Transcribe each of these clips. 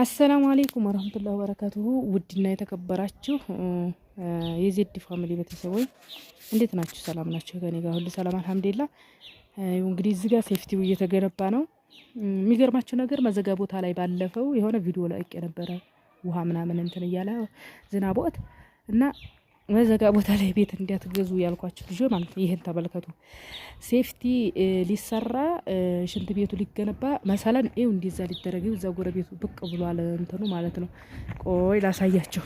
አሰላሙ አሌይኩም ወረህመቱላሂ ወበረካቱሁ ውድና የተከበራችሁ የዜድ ፋሚሊ ቤተሰቦች እንዴት ናችሁ? ሰላም ናችሁ? ከኔ ጋር ሁሉ ሰላም አልሐምዱሊላህ። እንግዲህ እዚህ ጋር ሴፍቲው እየተገነባ ነው። የሚገርማችሁ ነገር መዘጋ ቦታ ላይ ባለፈው የሆነ ቪዲዮ ላይቅ የነበረ ውሃ ምናምን እንትን እያለ ዝናብ ወቅት እና መዘጋ ቦታ ላይ ቤት እንዲያትገዙ ያልኳቸው ልጆ ማለት ነው። ይህን ተመልከቱ። ሴፍቲ ሊሰራ ሽንት ቤቱ ሊገነባ መሰለን ይው እንዲዛ ሊደረግ እዛ ጎረቤቱ ብቅ ብሏል እንትኑ ማለት ነው። ቆይ ላሳያቸው።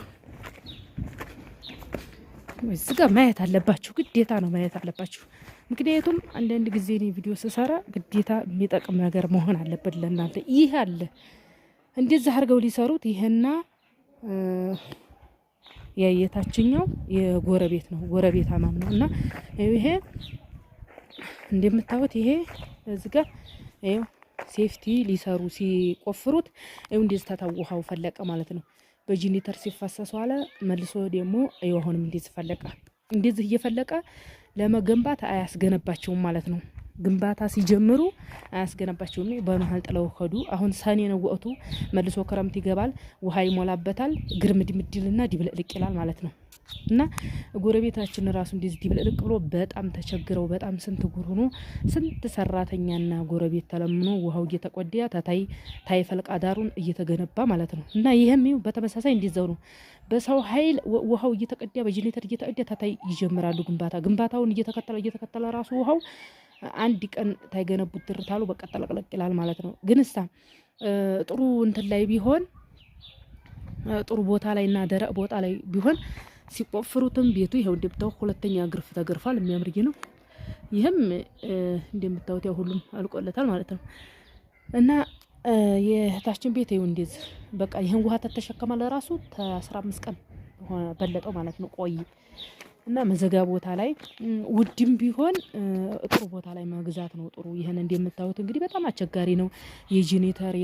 እዚህ ጋር ማየት አለባችሁ፣ ግዴታ ነው ማየት አለባችሁ። ምክንያቱም አንዳንድ ጊዜ እኔ ቪዲዮ ስሰራ ግዴታ የሚጠቅም ነገር መሆን አለበት ለእናንተ። ይህ አለ እንደዚህ አድርገው ሊሰሩት ይህና የየታችኛው የጎረቤት ነው፣ ጎረቤት አማም ነው እና ይሄ እንደምታዩት ይሄ እዚህ ጋር ይኸው ሴፍቲ ሊሰሩ ሲቆፍሩት ይኸው እንደዚህ ተታውሃው ፈለቀ ማለት ነው። በጂኒተር ሲፈሰሱ አለ መልሶ ደግሞ ይኸው አሁንም እንደዚህ ፈለቀ። እንደዚህ እየፈለቀ ለመገንባት አያስገነባቸውም ማለት ነው። ግንባታ ሲጀምሩ አያስገነባቸውም። በመሀል ጥለው ከዱ። አሁን ሰኔ ነው ወቅቱ። መልሶ ክረምት ይገባል፣ ውሃ ይሞላበታል፣ ግርምድምድልና ዲብልቅልቅ ይላል ማለት ነው እና ጎረቤታችን ራሱ እንደዚህ ዲብልቅልቅ ብሎ በጣም ተቸግረው በጣም ስንት ጉር ሆኖ ስንት ሰራተኛና ጎረቤት ተለምኖ ውሃው እየተቆደያ ታታይ ፈልቃ ዳሩን እየተገነባ ማለት ነው እና ይህም በተመሳሳይ እንዲዘው ነው። በሰው ኃይል ውሃው እየተቀዳ በጄኔተር እየተቀዳ ታታይ ይጀምራሉ ግንባታ ግንባታውን እየተከተለ እየተከተለ ራሱ ውሃው አንድ ቀን ታይገነቡት ትርታሉ በቃ ጠለቅለቅ ይላል ማለት ነው። ግን እሳ ጥሩ እንትን ላይ ቢሆን ጥሩ ቦታ ላይ እና ደረቅ ቦታ ላይ ቢሆን ሲቆፍሩትም ቤቱ ይሄው እንደምታው ሁለተኛ ግርፍ ተገርፏል። የሚያምርኝ ነው። ይህም እንደምታውት ያው ሁሉም አልቆለታል ማለት ነው እና የእህታችን ቤት ይው እንደዚህ በቃ ይህን ውሃ ተተሸከመ ለራሱ ከአስራ አምስት ቀን በለጠው ማለት ነው ቆይ እና መዘጋ ቦታ ላይ ውድም ቢሆን ጥሩ ቦታ ላይ መግዛት ነው ጥሩ። ይህን እንደምታዩት እንግዲህ በጣም አስቸጋሪ ነው። የጄኔተር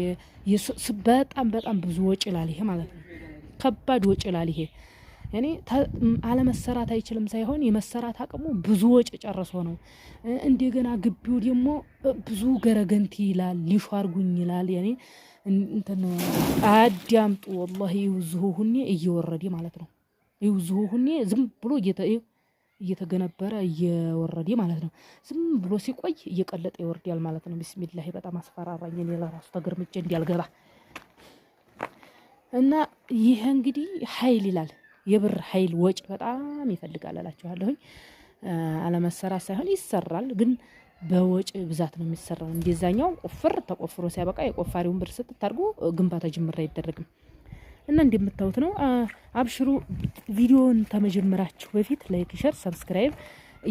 በጣም በጣም ብዙ ወጪ ላል ይሄ ማለት ነው። ከባድ ወጪ ላል ይሄ እኔ አለመሰራት አይችልም ሳይሆን የመሰራት አቅሙ ብዙ ወጪ ጨርሶ ነው። እንደገና ግቢው ደግሞ ብዙ ገረገንቲ ይላል፣ ሊሾ አርጉኝ ይላል። ያኔ እንትን አዳምጡ ወላሂ ዝሁ ሁኔ እየወረደ ማለት ነው። ይኸው ዝሆ ሁኔ ዝም ብሎ እየተገነበረ እየወረዴ ማለት ነው። ዝም ብሎ ሲቆይ እየቀለጠ ይወርዳል ማለት ነው። ቢስሚላሂ በጣም አስፈራራኝ እኔ ለራሱ ተገርምጬ እንዲያልገባ እና ይህ እንግዲህ ኃይል ይላል የብር ኃይል ወጪ በጣም ይፈልጋል እላችኋለሁኝ። አለመሰራት ሳይሆን ይሰራል፣ ግን በወጪ ብዛት ነው የሚሰራው። እንደዛኛው ቁፍር ተቆፍሮ ሲያበቃ የቆፋሪውን ብር ስትታርጉ ግንባታ ጅምር አይደረግም። እና እንደምታዩት ነው። አብሽሩ ቪዲዮን ከመጀመራችሁ በፊት ላይክ፣ ሸር፣ ሰብስክራይብ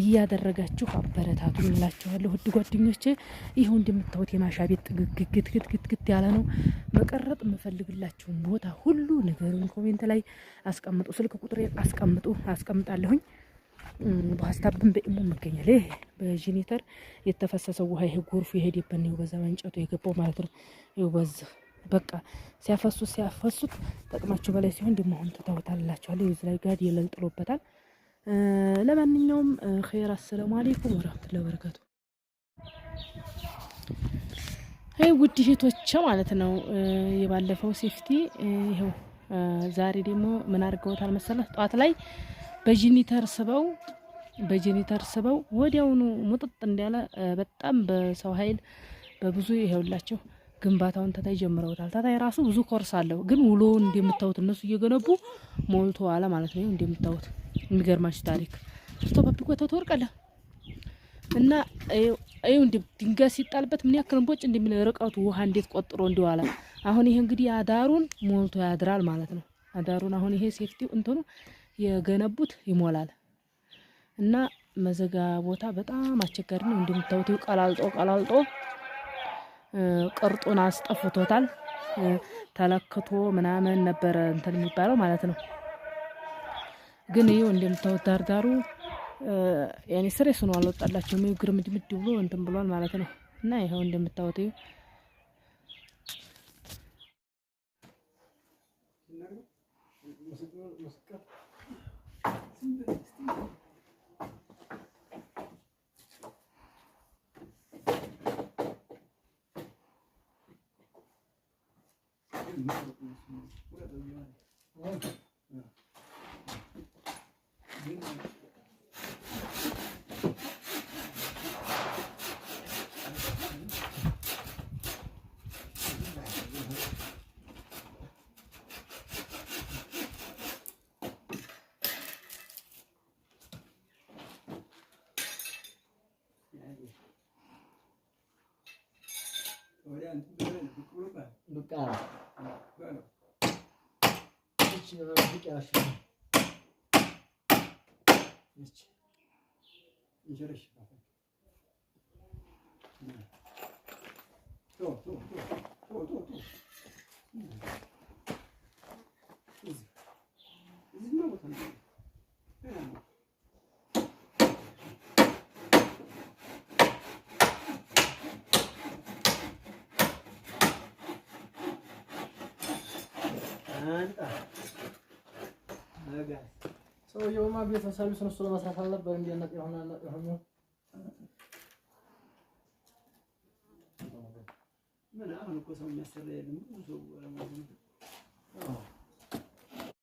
እያደረጋችሁ አበረታቱ እንላችኋለሁ። ውድ ጓደኞቼ ይኸው እንደምታዩት የማሻ ቤት ግግግትግትግት ያለ ነው። መቀረጥ የምፈልግላችሁን ቦታ ሁሉ ነገሩን ኮሜንት ላይ አስቀምጡ። ስልክ ቁጥሬ አስቀምጡ አስቀምጣለሁኝ። በሀሳብን በእሞ ይገኛል። ይህ በጄኔተር የተፈሰሰው ውሃ ይሄ ጎርፉ የሄደበት ነው። በዛ መንጨቱ የገባው ማለት ነው። ይኸው በዚህ በቃ ሲያፈሱ ሲያፈሱት ጠቅማችሁ በላይ ሲሆን ድመሆን ትተውታላችኋል። የዚህ ላይ ጋድ የለልጥሎበታል። ለማንኛውም ኸይር፣ አሰላሙ አሌይኩም ወረህመቱላሂ ወበረካቱ። ይህ ውድ ሂቶቼ ማለት ነው የባለፈው ሴፍቲ ይኸው ዛሬ ደግሞ ምን አድርገውታል መሰለህ? ጠዋት ላይ በጂኒተር ስበው በጂኒተር ስበው ወዲያውኑ ሙጥጥ እንዳለ በጣም በሰው ኃይል በብዙ ይሄውላቸው ግንባታውን ተታይ ጀምረውታል። ተታይ ራሱ ብዙ ኮርስ አለው፣ ግን ውሎ እንደምታዩት እነሱ እየገነቡ ሞልቶ አለ ማለት ነው። እንደምታዩት የሚገርማችሁ ታሪክ ስቶፐብኮ ተወርቀለ እና ይው እንዲ ድንጋይ ሲጣልበት ምን ያክል ቦጭ እንደሚል ርቀቱ ውሃ እንዴት ቆጥሮ እንዲዋላ። አሁን ይሄ እንግዲህ አዳሩን ሞልቶ ያድራል ማለት ነው። አዳሩን አሁን ይሄ ሴፍቲ እንትኑ የገነቡት ይሞላል እና መዘጋ ቦታ በጣም አስቸጋሪ ነው። እንደምታዩት ቀላልጦ ቀላልጦ ቅርጡን አስጠፍቶታል። ተለክቶ ምናምን ነበረ እንትን የሚባለው ማለት ነው። ግን ይኸው እንደምታዩት ዳርዳሩ ያኔ ስሬስ ሆኖ አልወጣላቸው ይኸው ግርምድምድ ብሎ እንትን ብሏል ማለት ነው። እና ይኸው እንደምታወት ይኸው 你们那东西，我也得一万。Olhando, olhando, colocar. Do cara. Agora. Deixa eu ver o que acha. Este. injera Tô, tô, tô. ሰውየውማ ቤተሰብ እሱ ለመስራት አልነበር እንደ የሆነ ምን አሁን እኮ ሰው የሚያሰራ የለም። ሰው